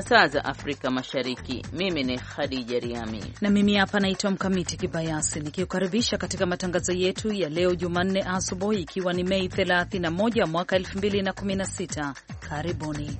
saa za Afrika Mashariki. Mimi ni Khadija Riami na mimi hapa naitwa Mkamiti Kibayasi nikiukaribisha katika matangazo yetu ya leo Jumanne asubuhi, ikiwa ni Mei 31 mwaka 2016. Karibuni.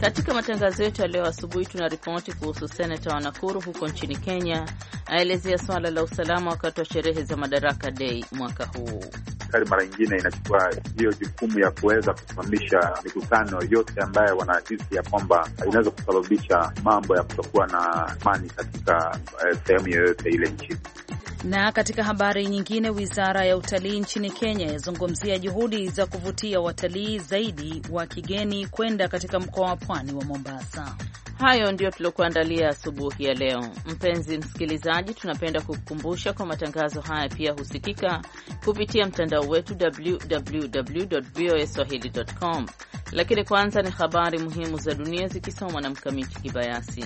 Katika matangazo yetu ya leo asubuhi tuna ripoti kuhusu seneta wa Nakuru huko nchini Kenya aelezea swala la usalama wakati wa sherehe za Madaraka Dei mwaka huu serikali mara nyingine inachukua hiyo jukumu ya kuweza kusimamisha mikutano yote ambayo wanahisi ya kwamba inaweza kusababisha mambo ya kutokuwa na amani katika eh, sehemu yoyote ile nchini. Na katika habari nyingine, wizara ya utalii nchini Kenya yazungumzia juhudi za kuvutia watalii zaidi wa kigeni kwenda katika mkoa wa pwani wa Mombasa. Hayo ndiyo tuliokuandalia asubuhi ya leo. Mpenzi msikilizaji, tunapenda kukukumbusha kwa matangazo haya pia husikika kupitia mtandao wetu www voa swahili com. Lakini kwanza ni habari muhimu za dunia zikisomwa na Mkamiti Kibayasi.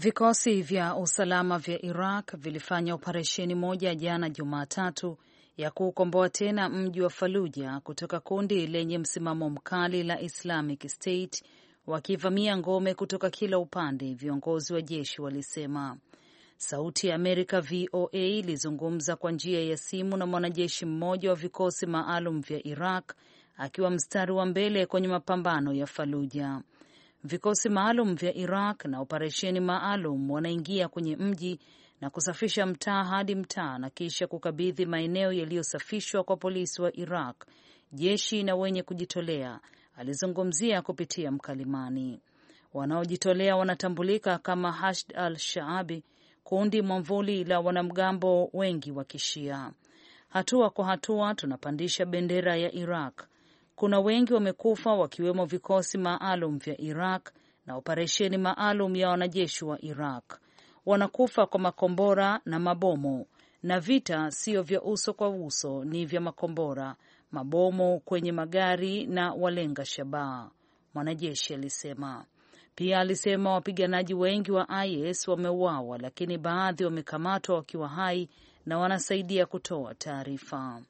Vikosi vya usalama vya Iraq vilifanya operesheni moja jana Jumatatu ya kuukomboa tena mji wa Faluja kutoka kundi lenye msimamo mkali la Islamic State, wakivamia ngome kutoka kila upande, viongozi wa jeshi walisema. Sauti ya Amerika VOA ilizungumza kwa njia ya simu na mwanajeshi mmoja wa vikosi maalum vya Iraq akiwa mstari wa mbele kwenye mapambano ya Faluja. Vikosi maalum vya Iraq na operesheni maalum wanaingia kwenye mji na kusafisha mtaa hadi mtaa na kisha kukabidhi maeneo yaliyosafishwa kwa polisi wa Iraq, jeshi na wenye kujitolea, alizungumzia kupitia mkalimani. Wanaojitolea wanatambulika kama Hashd al-Shaabi, kundi mwamvuli la wanamgambo wengi wa Kishia. Hatua kwa hatua tunapandisha bendera ya Iraq, kuna wengi wamekufa, wakiwemo vikosi maalum vya Iraq na operesheni maalum ya wanajeshi wa Iraq. Wanakufa kwa makombora na mabomu, na vita sio vya uso kwa uso, ni vya makombora, mabomu kwenye magari na walenga shabaha, mwanajeshi alisema. Pia alisema wapiganaji wengi wa IS wameuawa, lakini baadhi wamekamatwa wakiwa hai na wanasaidia kutoa taarifa.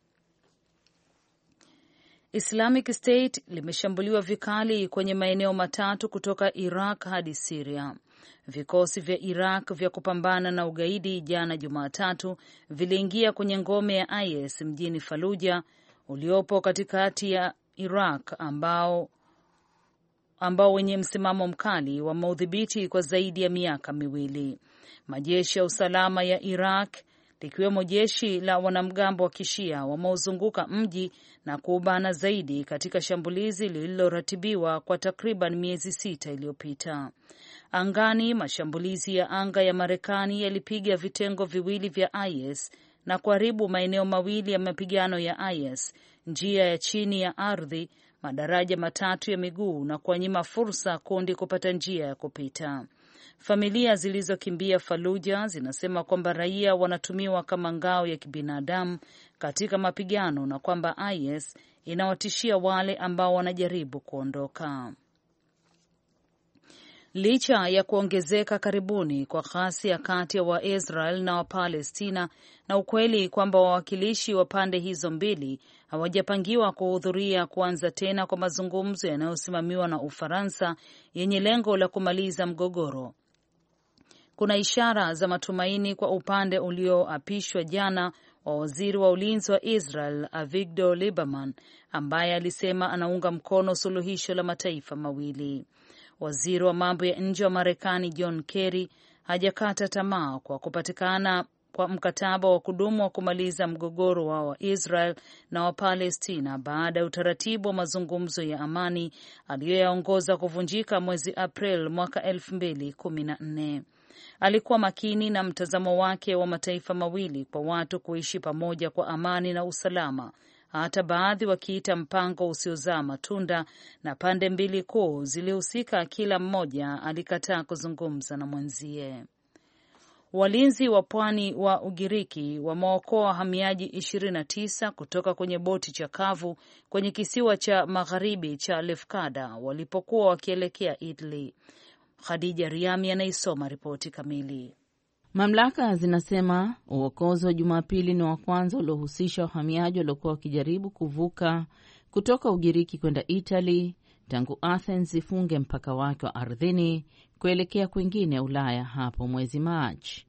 Islamic State limeshambuliwa vikali kwenye maeneo matatu kutoka Iraq hadi Siria. Vikosi vya Iraq vya kupambana na ugaidi jana Jumatatu viliingia kwenye ngome ya IS mjini Faluja uliopo katikati ya Iraq ambao ambao wenye msimamo mkali wameudhibiti kwa zaidi ya miaka miwili. Majeshi ya usalama ya Iraq likiwemo jeshi la wanamgambo wa kishia wameozunguka mji na kuubana zaidi katika shambulizi lililoratibiwa kwa takriban miezi sita iliyopita. Angani, mashambulizi ya anga ya Marekani yalipiga vitengo viwili vya IS na kuharibu maeneo mawili ya mapigano ya IS, njia ya chini ya ardhi, madaraja matatu ya miguu na kuwanyima fursa kundi kupata njia ya kupita. Familia zilizokimbia Faluja zinasema kwamba raia wanatumiwa kama ngao ya kibinadamu katika mapigano na kwamba IS inawatishia wale ambao wanajaribu kuondoka. Licha ya kuongezeka karibuni kwa ghasia kati ya Waisrael na Wapalestina na ukweli kwamba wawakilishi wa pande hizo mbili hawajapangiwa kuhudhuria kuanza tena kwa mazungumzo yanayosimamiwa na Ufaransa yenye lengo la kumaliza mgogoro. Kuna ishara za matumaini kwa upande ulioapishwa jana wa waziri wa ulinzi wa Israel Avigdor Lieberman ambaye alisema anaunga mkono suluhisho la mataifa mawili. Waziri wa mambo ya nje wa Marekani John Kerry hajakata tamaa kwa kupatikana kwa mkataba wa kudumu wa kumaliza mgogoro wa Waisrael na Wapalestina baada ya utaratibu wa mazungumzo ya amani aliyoyaongoza kuvunjika mwezi April mwaka elfu mbili kumi na nne. Alikuwa makini na mtazamo wake wa mataifa mawili kwa watu kuishi pamoja kwa amani na usalama, hata baadhi wakiita mpango usiozaa matunda, na pande mbili kuu zilihusika, kila mmoja alikataa kuzungumza na mwenzie. Walinzi wa pwani wa Ugiriki wameokoa wahamiaji 29 kutoka kwenye boti chakavu kwenye kisiwa cha magharibi cha Lefkada walipokuwa wakielekea Italy. Khadija Riami anaisoma ripoti kamili. Mamlaka zinasema uokozi wa Jumapili ni wa kwanza uliohusisha wahamiaji waliokuwa wakijaribu kuvuka kutoka Ugiriki kwenda Itali tangu Athens ifunge mpaka wake wa ardhini kuelekea kwingine Ulaya hapo mwezi Machi.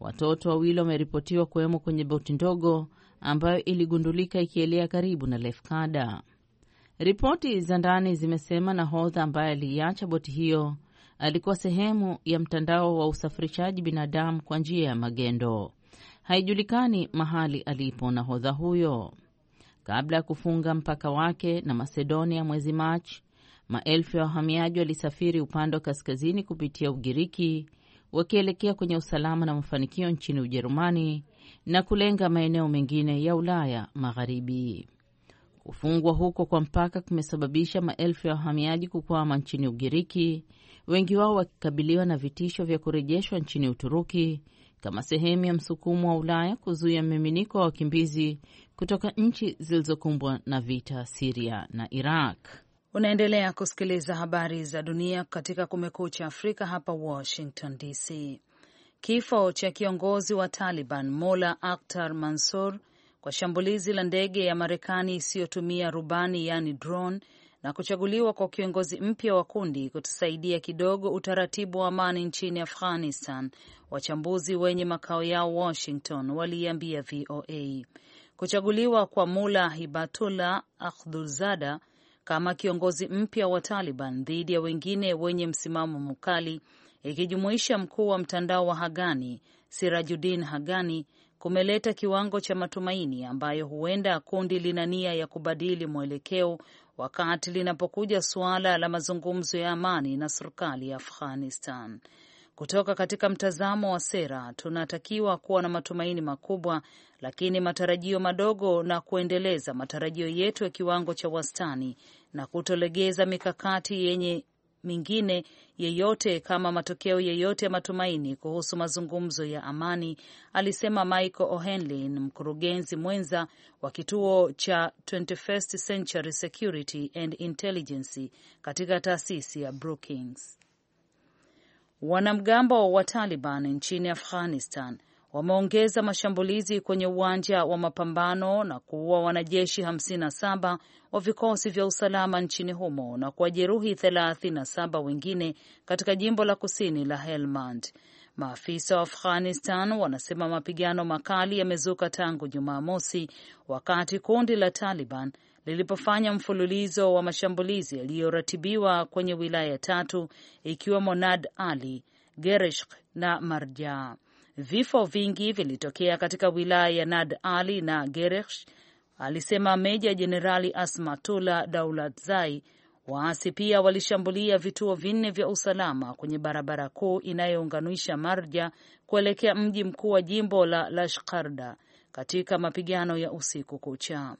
Watoto wawili wameripotiwa kuwemo kwenye boti ndogo ambayo iligundulika ikielea karibu na Lefkada. Ripoti za ndani zimesema nahodha ambaye aliiacha boti hiyo alikuwa sehemu ya mtandao wa usafirishaji binadamu kwa njia ya magendo. Haijulikani mahali alipo nahodha huyo. Kabla ya kufunga mpaka wake na Masedonia mwezi Machi, Maelfu ya wahamiaji walisafiri upande wa kaskazini kupitia Ugiriki wakielekea kwenye usalama na mafanikio nchini Ujerumani na kulenga maeneo mengine ya Ulaya Magharibi. Kufungwa huko kwa mpaka kumesababisha maelfu ya wahamiaji kukwama nchini Ugiriki, wengi wao wakikabiliwa na vitisho vya kurejeshwa nchini Uturuki kama sehemu ya msukumo wa Ulaya kuzuia mmiminiko wa wakimbizi kutoka nchi zilizokumbwa na vita Siria na Iraq. Unaendelea kusikiliza habari za dunia katika Kumekucha Afrika hapa Washington DC. Kifo cha kiongozi wa Taliban Mola Akhtar Mansur kwa shambulizi la ndege ya Marekani isiyotumia rubani yaani drone na kuchaguliwa kwa kiongozi mpya wa kundi kutusaidia kidogo utaratibu wa amani nchini Afghanistan, wachambuzi wenye makao yao Washington waliiambia VOA. Kuchaguliwa kwa Mula Hibatullah ahdulzada kama kiongozi mpya wa Taliban dhidi ya wengine wenye msimamo mkali ikijumuisha mkuu wa mtandao wa Hagani Sirajuddin Hagani kumeleta kiwango cha matumaini ambayo huenda kundi lina nia ya kubadili mwelekeo wakati linapokuja suala la mazungumzo ya amani na serikali ya Afghanistan. Kutoka katika mtazamo wa sera, tunatakiwa kuwa na matumaini makubwa, lakini matarajio madogo, na kuendeleza matarajio yetu ya kiwango cha wastani na kutolegeza mikakati yenye mingine yeyote kama matokeo yeyote ya matumaini kuhusu mazungumzo ya amani, alisema Michael O'Hanlon, mkurugenzi mwenza wa kituo cha 21st Century Security and Intelligence katika taasisi ya Brookings. Wanamgambo wa Taliban nchini Afghanistan wameongeza mashambulizi kwenye uwanja wa mapambano na kuua wanajeshi 57 wa vikosi vya usalama nchini humo na kuwajeruhi 37 wengine katika jimbo la kusini la Helmand. Maafisa wa Afghanistan wanasema mapigano makali yamezuka tangu Jumamosi wakati kundi la Taliban lilipofanya mfululizo wa mashambulizi yaliyoratibiwa kwenye wilaya tatu ikiwemo Nad Ali, Gereshk na Marja. Vifo vingi vilitokea katika wilaya ya Nad Ali na Gereshk, alisema Meja Jenerali Asmatula Daulatzai. Waasi pia walishambulia vituo vinne vya usalama kwenye barabara kuu inayounganisha Marja kuelekea mji mkuu wa jimbo la Lashkarda katika mapigano ya usiku kucha.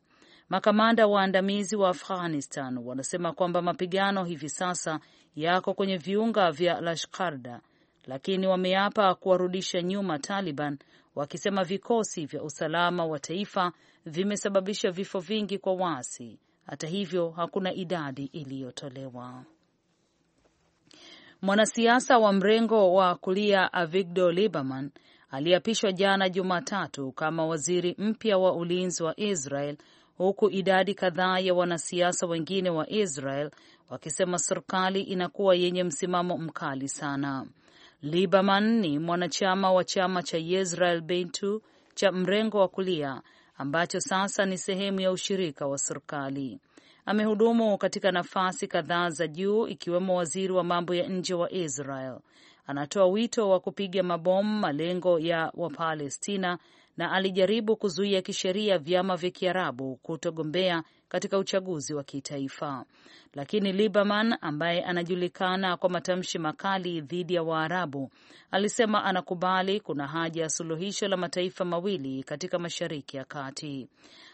Makamanda waandamizi wa Afghanistan wanasema kwamba mapigano hivi sasa yako kwenye viunga vya Lashkarda, lakini wameapa kuwarudisha nyuma Taliban, wakisema vikosi vya usalama wa taifa vimesababisha vifo vingi kwa waasi. Hata hivyo, hakuna idadi iliyotolewa. Mwanasiasa wa mrengo wa kulia Avigdor Lieberman aliapishwa jana Jumatatu kama waziri mpya wa ulinzi wa Israel huku idadi kadhaa ya wanasiasa wengine wa Israel wakisema serikali inakuwa yenye msimamo mkali sana. Liberman ni mwanachama wa chama cha Israel Beitu cha mrengo wa kulia ambacho sasa ni sehemu ya ushirika wa serikali. Amehudumu katika nafasi kadhaa za juu ikiwemo waziri wa mambo ya nje wa Israel. Anatoa wito wa kupiga mabomu malengo ya Wapalestina na alijaribu kuzuia kisheria vyama vya Kiarabu kutogombea katika uchaguzi wa kitaifa. Lakini Liberman ambaye anajulikana kwa matamshi makali dhidi ya Waarabu alisema anakubali kuna haja ya suluhisho la mataifa mawili katika Mashariki ya Kati.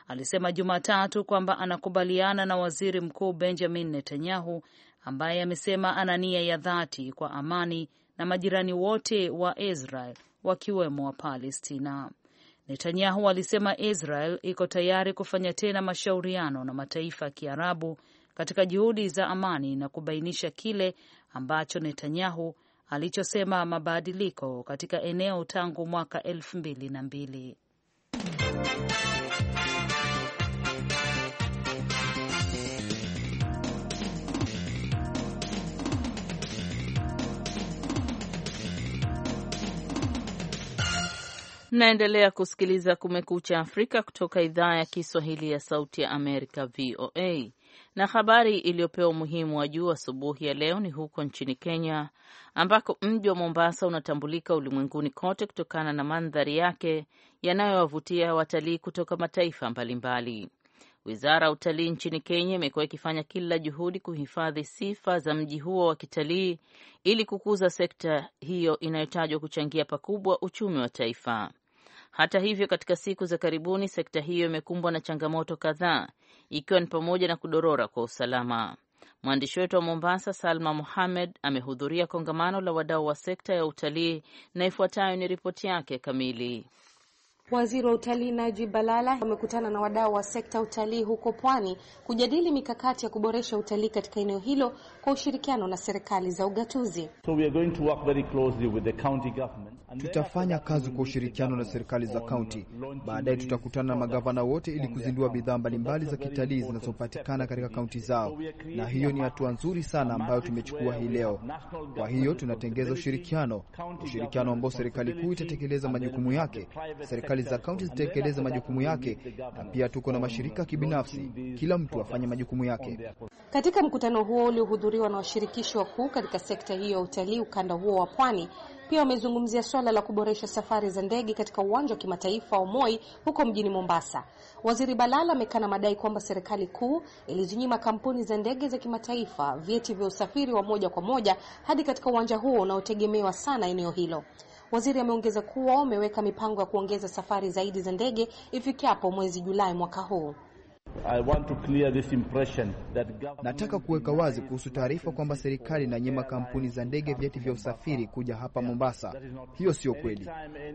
Alisema Jumatatu kwamba anakubaliana na Waziri Mkuu Benjamin Netanyahu ambaye amesema ana nia ya dhati kwa amani na majirani wote wa Israel wakiwemo wa Palestina. Netanyahu alisema Israel iko tayari kufanya tena mashauriano na mataifa ya Kiarabu katika juhudi za amani na kubainisha kile ambacho Netanyahu alichosema mabadiliko katika eneo tangu mwaka elfu mbili na mbili. Mnaendelea kusikiliza Kumekucha Afrika kutoka idhaa ya Kiswahili ya Sauti ya Amerika, VOA. Na habari iliyopewa umuhimu wa juu asubuhi ya leo ni huko nchini Kenya, ambako mji wa Mombasa unatambulika ulimwenguni kote kutokana na mandhari yake yanayowavutia watalii kutoka mataifa mbalimbali. Wizara ya utalii nchini Kenya imekuwa ikifanya kila juhudi kuhifadhi sifa za mji huo wa kitalii ili kukuza sekta hiyo inayotajwa kuchangia pakubwa uchumi wa taifa. Hata hivyo, katika siku za karibuni sekta hiyo imekumbwa na changamoto kadhaa, ikiwa ni pamoja na kudorora kwa usalama. Mwandishi wetu wa Mombasa, Salma Mohamed, amehudhuria kongamano la wadau wa sekta ya utalii na ifuatayo ni ripoti yake kamili. Waziri wa utalii Najib Balala wamekutana na wadau wa sekta ya utalii huko Pwani kujadili mikakati ya kuboresha utalii katika eneo hilo kwa ushirikiano na serikali za ugatuzi. So we are going to work very closely with the county government. Tutafanya kazi kwa ushirikiano na serikali za kaunti. Baadaye tutakutana na magavana wote ili kuzindua bidhaa mbalimbali za kitalii zinazopatikana katika kaunti zao, na hiyo ni hatua nzuri sana ambayo tumechukua hii leo. Kwa hiyo tunatengeza ushirikiano, ushirikiano ambao serikali kuu itatekeleza majukumu yake, serikali serikali za kaunti zitekeleze majukumu yake, na pia tuko na mashirika kibinafsi, kila mtu afanye majukumu yake. Katika mkutano huo uliohudhuriwa na washirikishi wakuu katika sekta hiyo ya utalii ukanda huo wa pwani, pia wamezungumzia swala la kuboresha safari za ndege katika uwanja wa kimataifa wa Moi huko mjini Mombasa. Waziri Balala amekana madai kwamba serikali kuu ilizinyima kampuni za ndege za kimataifa vyeti vya usafiri wa moja kwa moja hadi katika uwanja huo unaotegemewa sana eneo hilo. Waziri ameongeza kuwa umeweka mipango ya kuongeza safari zaidi za ndege ifikapo mwezi Julai mwaka huu government... Nataka kuweka wazi kuhusu taarifa kwamba serikali inanyima kampuni za ndege vyeti vya usafiri kuja hapa Mombasa. Hiyo sio kweli.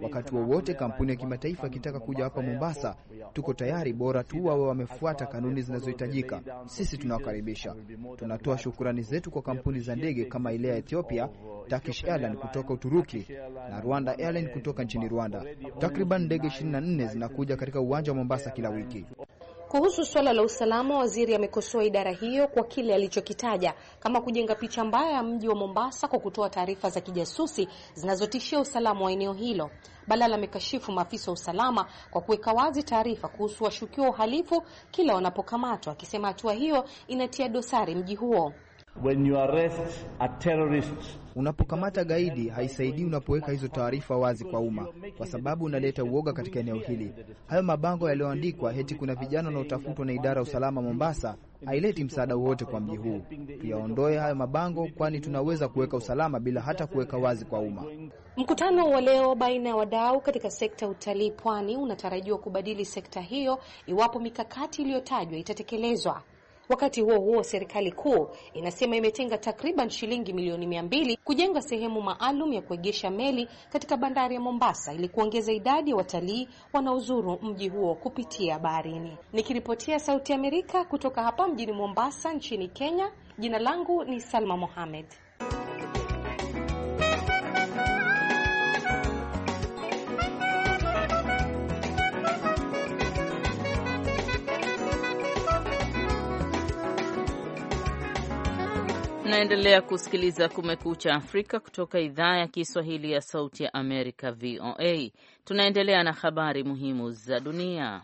Wakati wowote wa kampuni ya kimataifa ikitaka kuja hapa Mombasa, tuko tayari, bora tu wawe wamefuata kanuni zinazohitajika. Sisi tunawakaribisha. Tunatoa shukurani zetu kwa kampuni za ndege kama ile ya Ethiopia, Turkish Airlines kutoka Uturuki na Rwanda Airlines kutoka nchini Rwanda. Takriban ndege 24 zinakuja katika uwanja wa Mombasa kila wiki. Kuhusu suala la usalama, waziri amekosoa idara hiyo kwa kile alichokitaja kama kujenga picha mbaya ya mji wa Mombasa kwa kutoa taarifa za kijasusi zinazotishia usalama wa eneo hilo. Balala amekashifu maafisa wa usalama kwa kuweka wazi taarifa kuhusu washukiwa uhalifu kila wanapokamatwa, akisema hatua hiyo inatia dosari mji huo. When you arrest a terrorist, unapokamata gaidi haisaidii unapoweka hizo taarifa wazi kwa umma, kwa sababu unaleta uoga katika eneo hili. Hayo mabango yaliyoandikwa heti kuna vijana wanaotafutwa na idara ya usalama Mombasa haileti msaada wowote kwa mji huu. Tuyaondoe hayo mabango, kwani tunaweza kuweka usalama bila hata kuweka wazi kwa umma. Mkutano wa leo baina ya wadau katika sekta ya utalii pwani unatarajiwa kubadili sekta hiyo iwapo mikakati iliyotajwa itatekelezwa. Wakati huo huo, serikali kuu inasema imetenga takriban shilingi milioni mia mbili kujenga sehemu maalum ya kuegesha meli katika bandari ya Mombasa ili kuongeza idadi ya watalii wanaozuru mji huo kupitia baharini. Nikiripotia Sauti ya Amerika kutoka hapa mjini Mombasa nchini Kenya, jina langu ni Salma Mohamed. Unaendelea kusikiliza Kumekucha Afrika kutoka idhaa ya Kiswahili ya Sauti ya Amerika, VOA. Tunaendelea na habari muhimu za dunia.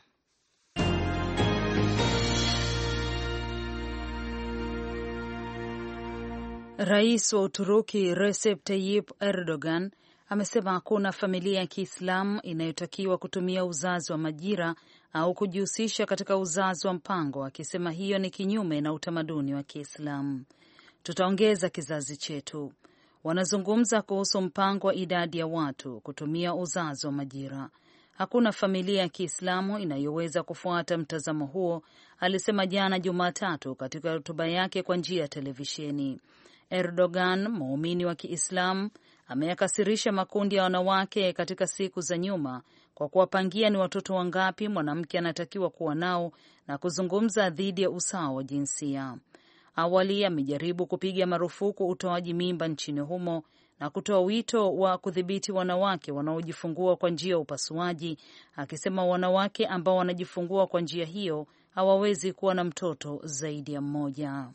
Rais wa Uturuki Recep Tayyip Erdogan amesema hakuna familia ya Kiislamu inayotakiwa kutumia uzazi wa majira au kujihusisha katika uzazi wa mpango, akisema hiyo ni kinyume na utamaduni wa Kiislamu tutaongeza kizazi chetu. Wanazungumza kuhusu mpango wa idadi ya watu kutumia uzazi wa majira. Hakuna familia ya Kiislamu inayoweza kufuata mtazamo huo, alisema jana Jumatatu katika hotuba yake kwa njia ya televisheni. Erdogan, muumini wa Kiislamu, ameyakasirisha makundi ya wanawake katika siku za nyuma kwa kuwapangia ni watoto wangapi mwanamke anatakiwa kuwa nao na kuzungumza dhidi ya usawa wa jinsia awali amejaribu kupiga marufuku utoaji mimba nchini humo na kutoa wito wa kudhibiti wanawake wanaojifungua kwa njia ya upasuaji, akisema wanawake ambao wanajifungua kwa njia hiyo hawawezi kuwa na mtoto zaidi ya mmoja.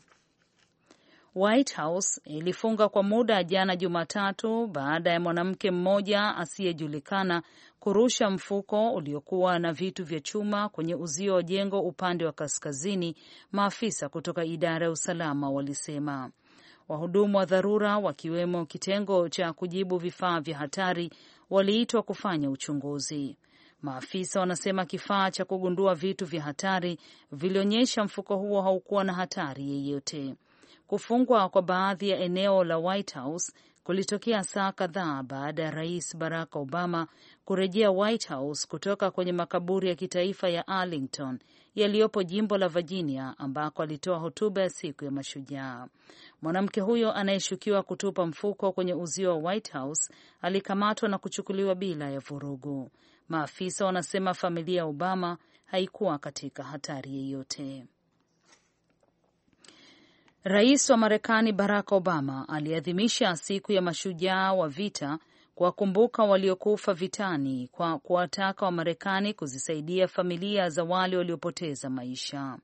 White House ilifunga kwa muda jana Jumatatu baada ya mwanamke mmoja asiyejulikana kurusha mfuko uliokuwa na vitu vya chuma kwenye uzio wa jengo upande wa kaskazini, maafisa kutoka idara ya usalama walisema. Wahudumu wa dharura wakiwemo kitengo cha kujibu vifaa vya hatari waliitwa kufanya uchunguzi. Maafisa wanasema kifaa cha kugundua vitu vya hatari vilionyesha mfuko huo haukuwa na hatari yeyote. Kufungwa kwa baadhi ya eneo la White House kulitokea saa kadhaa baada ya rais Barack Obama kurejea White House kutoka kwenye makaburi ya kitaifa ya Arlington yaliyopo jimbo la Virginia ambako alitoa hotuba ya siku ya mashujaa. Mwanamke huyo anayeshukiwa kutupa mfuko kwenye uzio wa White House alikamatwa na kuchukuliwa bila ya vurugu. Maafisa wanasema familia ya Obama haikuwa katika hatari yeyote. Rais wa Marekani Barack Obama aliadhimisha siku ya mashujaa wa vita kuwakumbuka waliokufa vitani kwa kuwataka wa marekani kuzisaidia familia za wale waliopoteza maisha.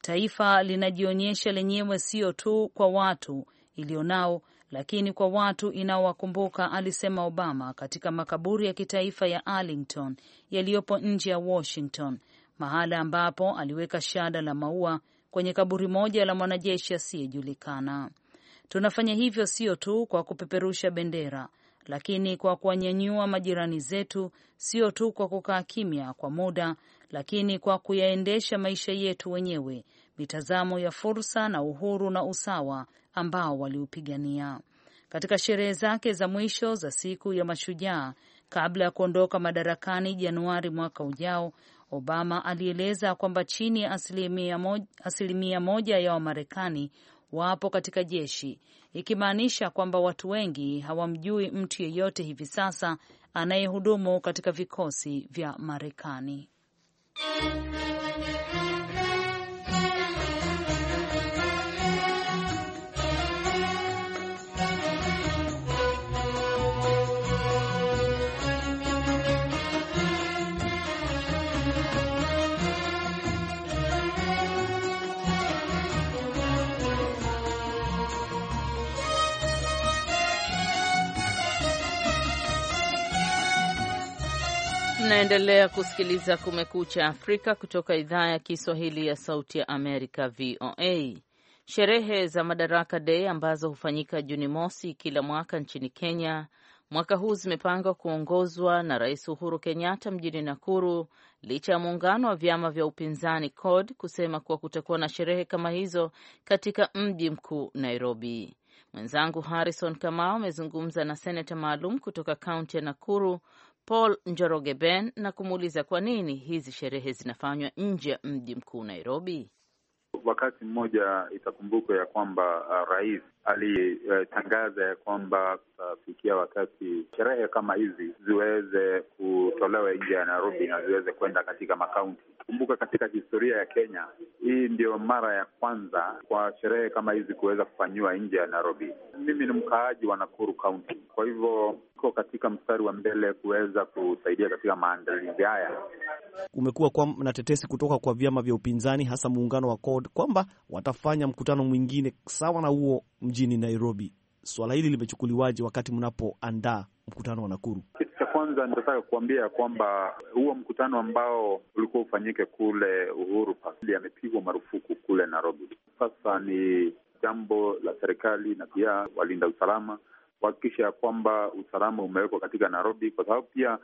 Taifa linajionyesha lenyewe sio tu kwa watu ilionao, lakini kwa watu inaowakumbuka, alisema Obama katika makaburi ya kitaifa ya Arlington yaliyopo nje ya Washington, mahala ambapo aliweka shada la maua kwenye kaburi moja la mwanajeshi asiyejulikana. Tunafanya hivyo sio tu kwa kupeperusha bendera, lakini kwa kuwanyanyua majirani zetu, sio tu kwa kukaa kimya kwa muda, lakini kwa kuyaendesha maisha yetu wenyewe, mitazamo ya fursa na uhuru na usawa ambao waliupigania. Katika sherehe zake za mwisho za siku ya Mashujaa kabla ya kuondoka madarakani Januari mwaka ujao, Obama alieleza kwamba chini ya asilimia moja, asilimia moja ya Wamarekani wapo katika jeshi, ikimaanisha kwamba watu wengi hawamjui mtu yeyote hivi sasa anayehudumu katika vikosi vya Marekani. Mnaendelea kusikiliza Kumekucha Afrika kutoka idhaa ya Kiswahili ya Sauti ya Amerika, VOA. Sherehe za Madaraka Day ambazo hufanyika Juni mosi kila mwaka nchini Kenya, mwaka huu zimepangwa kuongozwa na Rais Uhuru Kenyatta mjini Nakuru, licha ya muungano wa vyama vya upinzani CORD kusema kuwa kutakuwa na sherehe kama hizo katika mji mkuu Nairobi. Mwenzangu Harrison Kamau amezungumza na seneta maalum kutoka kaunti ya Nakuru Paul Njoroge Ben na kumuuliza kwa nini hizi sherehe zinafanywa nje ya mji mkuu Nairobi. Wakati mmoja itakumbukwa ya kwamba uh, rais alitangaza ya kwamba kutafikia wakati sherehe kama hizi ziweze kutolewa nje ya Nairobi na ziweze kwenda katika makaunti. Kumbuka, katika historia ya Kenya hii ndio mara ya kwanza kwa sherehe kama hizi kuweza kufanyiwa nje ya Nairobi. Mimi ni mkaaji wa Nakuru Kaunti, kwa hivyo iko katika mstari wa mbele kuweza kusaidia katika maandalizi haya. Kumekuwa na tetesi kutoka kwa vyama vya upinzani, hasa muungano wa CORD kwamba watafanya mkutano mwingine sawa na huo mjini Nairobi. Swala hili limechukuliwaje wakati mnapoandaa mkutano wa Nakuru? Kitu cha kwanza nitataka kuambia kwamba huo mkutano ambao ulikuwa ufanyike kule Uhuru Park amepigwa marufuku kule Nairobi. Sasa ni jambo la serikali na pia walinda usalama kuhakikisha ya kwamba usalama umewekwa katika Nairobi, kwa sababu pia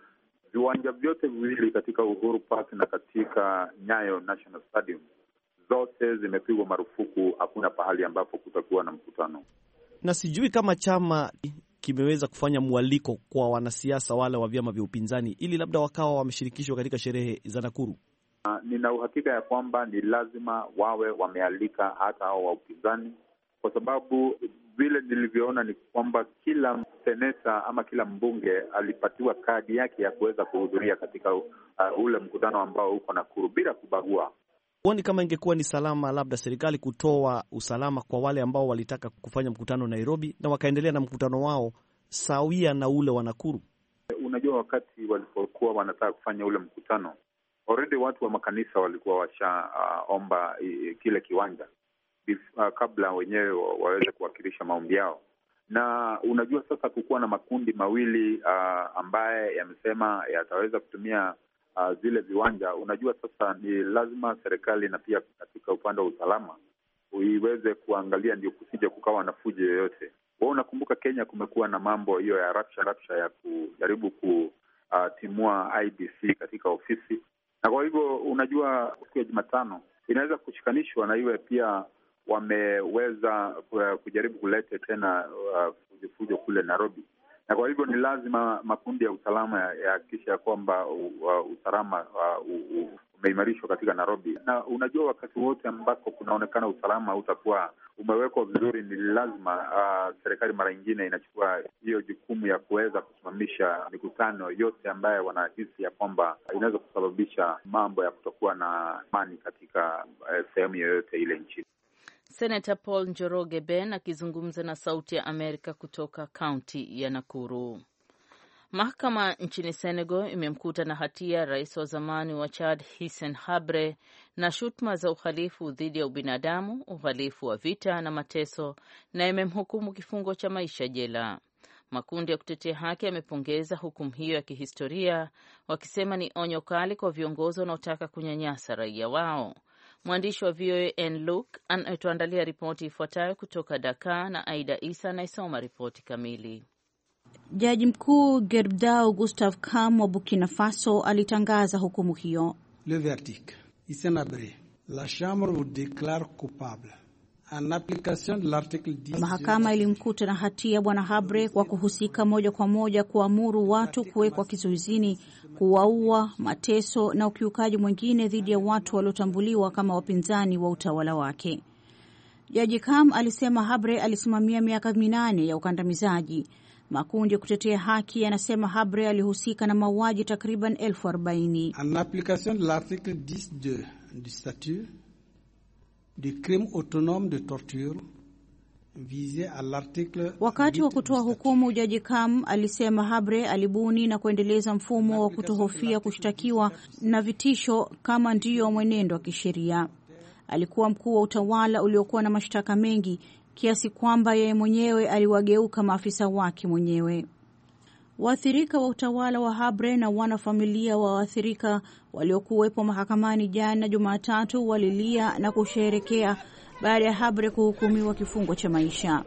viwanja vyote viwili katika Uhuru Park na katika Nyayo National Stadium zote zimepigwa marufuku, hakuna pahali ambapo kutakuwa na mkutano. Na sijui kama chama kimeweza kufanya mwaliko kwa wanasiasa wale wa vyama vya upinzani ili labda wakawa wameshirikishwa katika sherehe za Nakuru. Ah, nina uhakika ya kwamba ni lazima wawe wamealika hata hao wa upinzani, kwa sababu vile nilivyoona ni kwamba kila seneta ama kila mbunge alipatiwa kadi yake ya kuweza kuhudhuria katika uh, ule mkutano ambao uko Nakuru bila kubagua Huoni kama ingekuwa ni salama labda serikali kutoa usalama kwa wale ambao walitaka kufanya mkutano Nairobi na wakaendelea na mkutano wao sawia na ule wa Nakuru? Unajua, wakati walipokuwa wanataka kufanya ule mkutano already watu wa makanisa walikuwa washaomba uh, kile kiwanja Bif, uh, kabla wenyewe waweze kuwakilisha maombi yao. Na unajua sasa kukuwa na makundi mawili uh, ambaye yamesema yataweza kutumia uh, zile viwanja. Unajua sasa ni lazima serikali na pia katika upande wa usalama iweze kuangalia, ndio kusija kukawa na fujo yoyote. Wa unakumbuka Kenya kumekuwa na mambo hiyo ya rapsha rapsha ya kujaribu kutimua uh, IBC katika ofisi, na kwa hivyo unajua siku ya Jumatano inaweza kushikanishwa na iwe pia wameweza kujaribu kulete tena uh, fujofujo kule Nairobi na kwa hivyo ni lazima makundi ya usalama yahakikisha ya kwamba usalama umeimarishwa katika Nairobi. Na unajua, wakati wote ambako kunaonekana usalama utakuwa umewekwa vizuri, ni lazima uh, serikali mara nyingine inachukua hiyo jukumu ya kuweza kusimamisha mikutano yote ambayo wanahisi ya kwamba inaweza kusababisha mambo ya kutokuwa na amani katika uh, sehemu yoyote ile nchini. Senata Paul Njoroge Ben akizungumza na Sauti ya Amerika kutoka kaunti ya Nakuru. Mahakama nchini Senegal imemkuta na hatia rais wa zamani wa Chad Hissen Habre na shutuma za uhalifu dhidi ya ubinadamu, uhalifu wa vita na mateso, na imemhukumu kifungo cha maisha jela. Makundi ya kutetea haki yamepongeza hukumu hiyo ya kihistoria, wakisema ni onyo kali kwa viongozi wanaotaka kunyanyasa raia wao. Mwandishi wa VOA N Luke anayetuandalia ripoti ifuatayo kutoka Dakar na Aida Isa anayesoma ripoti kamili. Jaji mkuu Gerbdau Gustav Kam wa Burkina Faso alitangaza hukumu hiyo. Le verdict, La chambre vous declare coupable. Mahakama ilimkuta na hatia Bwana Habre kwa kuhusika moja kwa moja kuamuru watu kuwekwa kizuizini, kuwaua, mateso na ukiukaji mwingine dhidi ya watu waliotambuliwa kama wapinzani wa utawala wake. Jaji Kam alisema Habre alisimamia miaka minane ya ukandamizaji. Makundi ya kutetea haki yanasema Habre alihusika na mauaji takriban elfu arobaini du crime autonome de torture Wakati wa kutoa hukumu jaji Kam alisema Habre alibuni na kuendeleza mfumo wa kutohofia kushtakiwa na vitisho kama ndiyo mwenendo wa kisheria. Alikuwa mkuu wa utawala uliokuwa na mashtaka mengi kiasi kwamba yeye mwenyewe aliwageuka maafisa wake mwenyewe. Waathirika wa utawala wa Habre na wanafamilia wa waathirika waliokuwepo mahakamani jana Jumatatu walilia na kusherekea baada ya Habre kuhukumiwa kifungo cha maisha.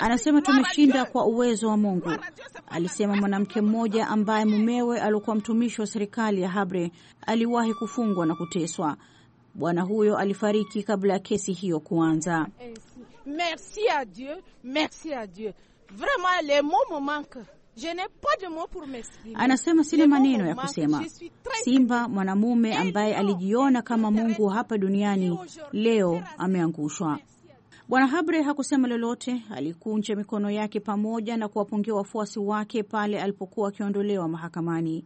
Anasema tumeshinda kwa uwezo wa Mungu, alisema mwanamke mmoja ambaye mumewe alikuwa mtumishi wa serikali ya Habre aliwahi kufungwa na kuteswa. Bwana huyo alifariki kabla ya kesi hiyo kuanza. Merci a Dieu, merci a Dieu. Vraiment les mots me manquent. Anasema sina maneno ya kusema. Simba mwanamume ambaye alijiona kama Mungu hapa duniani leo ameangushwa. Bwana Habre hakusema lolote, alikunja mikono yake pamoja na kuwapungia wafuasi wake pale alipokuwa akiondolewa mahakamani.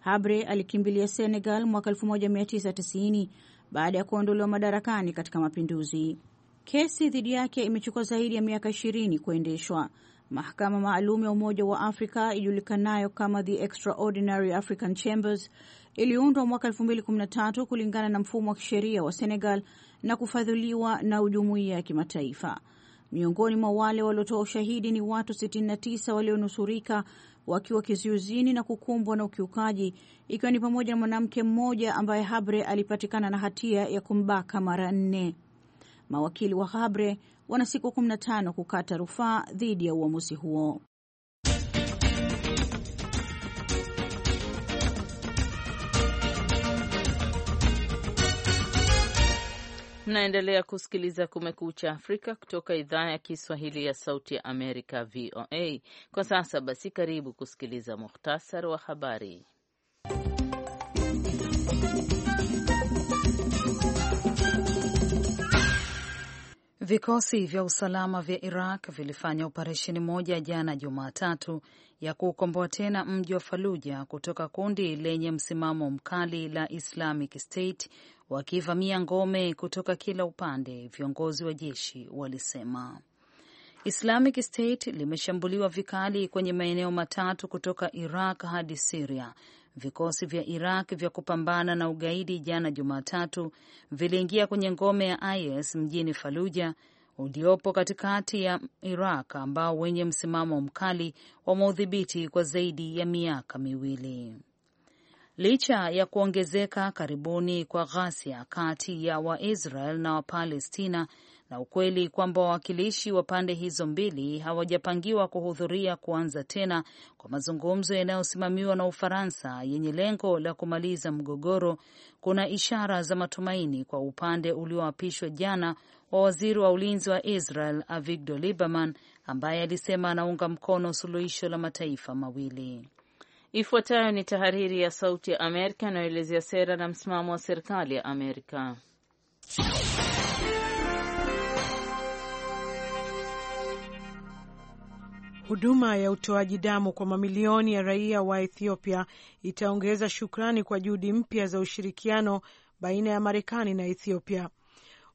Habre alikimbilia Senegal mwaka 1990 baada ya kuondolewa madarakani katika mapinduzi. Kesi dhidi yake imechukua zaidi ya miaka ishirini kuendeshwa. Mahakama maalum ya Umoja wa Afrika ijulikanayo kama the Extraordinary African Chambers iliundwa mwaka 2013 kulingana na mfumo wa kisheria wa Senegal na kufadhiliwa na jumuiya ya kimataifa. Miongoni mwa wale waliotoa ushahidi ni watu 69 walionusurika wakiwa kizuizini na kukumbwa na ukiukaji, ikiwa ni pamoja na mwanamke mmoja ambaye Habre alipatikana na hatia ya kumbaka mara nne. Mawakili wa Habre wana siku 15 kukata rufaa dhidi ya uamuzi huo. Mnaendelea kusikiliza Kumekucha Afrika kutoka idhaa ya Kiswahili ya Sauti ya Amerika, VOA. Kwa sasa basi, karibu kusikiliza muhtasari wa habari. Vikosi vya usalama vya Iraq vilifanya operesheni moja jana Jumatatu ya kuukomboa tena mji wa Faluja kutoka kundi lenye msimamo mkali la Islamic State wakivamia ngome kutoka kila upande, viongozi wa jeshi walisema. Islamic State limeshambuliwa vikali kwenye maeneo matatu kutoka Iraq hadi Siria. Vikosi vya Iraq vya kupambana na ugaidi jana Jumatatu viliingia kwenye ngome ya IS mjini Faluja uliopo katikati ya Iraq, ambao wenye msimamo mkali wameudhibiti kwa zaidi ya miaka miwili. Licha ya kuongezeka karibuni kwa ghasia kati ya Waisrael na Wapalestina na ukweli kwamba wawakilishi wa pande hizo mbili hawajapangiwa kuhudhuria kuanza tena kwa mazungumzo yanayosimamiwa na Ufaransa yenye lengo la kumaliza mgogoro, kuna ishara za matumaini kwa upande ulioapishwa jana wa waziri wa ulinzi wa Israel Avigdor Lieberman ambaye alisema anaunga mkono suluhisho la mataifa mawili. Ifuatayo ni tahariri ya Sauti ya Amerika inayoelezea sera na msimamo wa serikali ya Amerika. Huduma ya utoaji damu kwa mamilioni ya raia wa Ethiopia itaongeza shukrani kwa juhudi mpya za ushirikiano baina ya Marekani na Ethiopia.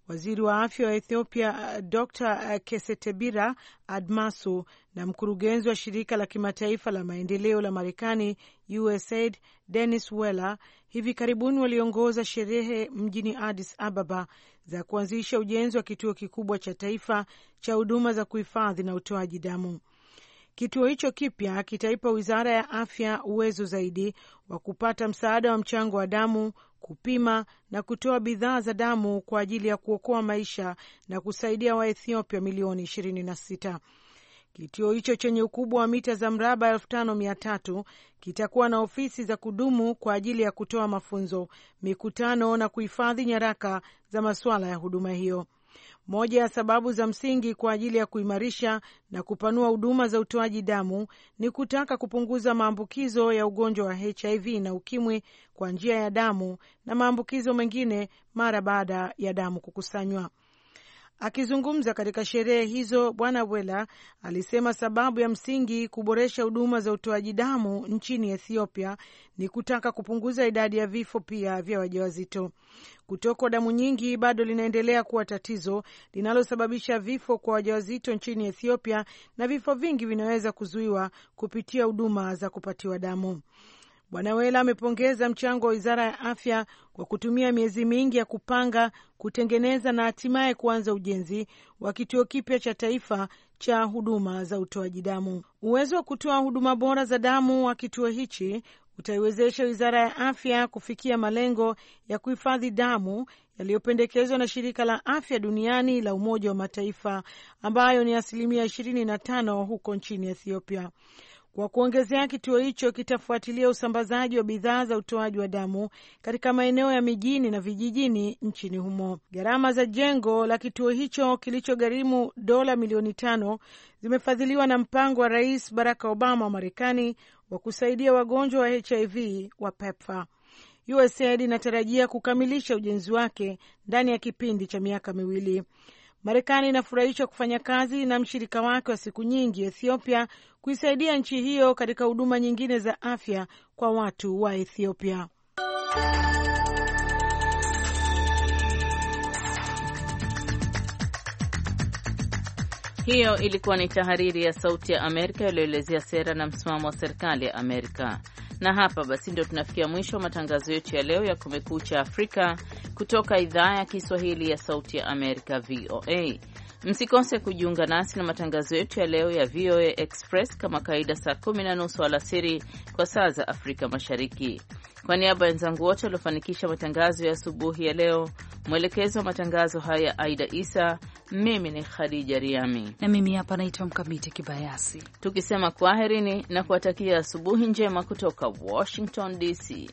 Waziri wa afya wa Ethiopia uh, Dr uh, Kesetebira Admasu na mkurugenzi wa shirika la kimataifa la maendeleo la Marekani USAID Dennis Weller hivi karibuni waliongoza sherehe mjini Addis Ababa za kuanzisha ujenzi wa kituo kikubwa cha taifa cha huduma za kuhifadhi na utoaji damu. Kituo hicho kipya kitaipa wizara ya afya uwezo zaidi wa kupata msaada wa mchango wa damu kupima na kutoa bidhaa za damu kwa ajili ya kuokoa maisha na kusaidia Waethiopia milioni 26. Kituo hicho chenye ukubwa wa mita za mraba 5300 kitakuwa na ofisi za kudumu kwa ajili ya kutoa mafunzo, mikutano na kuhifadhi nyaraka za masuala ya huduma hiyo. Moja ya sababu za msingi kwa ajili ya kuimarisha na kupanua huduma za utoaji damu ni kutaka kupunguza maambukizo ya ugonjwa wa HIV na ukimwi kwa njia ya damu na maambukizo mengine mara baada ya damu kukusanywa. Akizungumza katika sherehe hizo, Bwana Wela alisema sababu ya msingi kuboresha huduma za utoaji damu nchini Ethiopia ni kutaka kupunguza idadi ya vifo pia vya wajawazito. Kutokwa damu nyingi bado linaendelea kuwa tatizo linalosababisha vifo kwa wajawazito nchini Ethiopia, na vifo vingi vinaweza kuzuiwa kupitia huduma za kupatiwa damu. Bwana Wela amepongeza mchango wa wizara ya afya kwa kutumia miezi mingi ya kupanga, kutengeneza na hatimaye kuanza ujenzi wa kituo kipya cha taifa cha huduma za utoaji damu. Uwezo wa kutoa huduma bora za damu wa kituo hichi utaiwezesha wizara ya afya kufikia malengo ya kuhifadhi damu yaliyopendekezwa na shirika la afya duniani la Umoja wa Mataifa, ambayo ni asilimia tano huko nchini Ethiopia. Kwa kuongezea, kituo hicho kitafuatilia usambazaji wa bidhaa za utoaji wa damu katika maeneo ya mijini na vijijini nchini humo. Gharama za jengo la kituo hicho kilichogharimu dola milioni tano zimefadhiliwa na mpango wa Rais Barack Obama wa Marekani wa kusaidia wagonjwa wa HIV wa PEPFA. USAID inatarajia kukamilisha ujenzi wake ndani ya kipindi cha miaka miwili. Marekani inafurahishwa kufanya kazi na mshirika wake wa siku nyingi Ethiopia kuisaidia nchi hiyo katika huduma nyingine za afya kwa watu wa Ethiopia. Hiyo ilikuwa ni tahariri ya Sauti ya Amerika iliyoelezea sera na msimamo wa serikali ya Amerika. Na hapa basi ndio tunafikia mwisho wa matangazo yetu ya leo ya Kumekucha Afrika kutoka idhaa ya Kiswahili ya Sauti ya Amerika, VOA. Msikose kujiunga nasi na matangazo yetu ya leo ya VOA Express kama kawaida, saa kumi na nusu alasiri kwa saa za Afrika Mashariki. Kwa niaba ya wenzangu wote waliofanikisha matangazo ya asubuhi ya leo, mwelekezo wa matangazo haya Aida Isa, mimi ni Khadija Riami na mimi hapa naitwa Mkamiti Kibayasi, tukisema kwaherini na kuwatakia asubuhi njema kutoka Washington DC.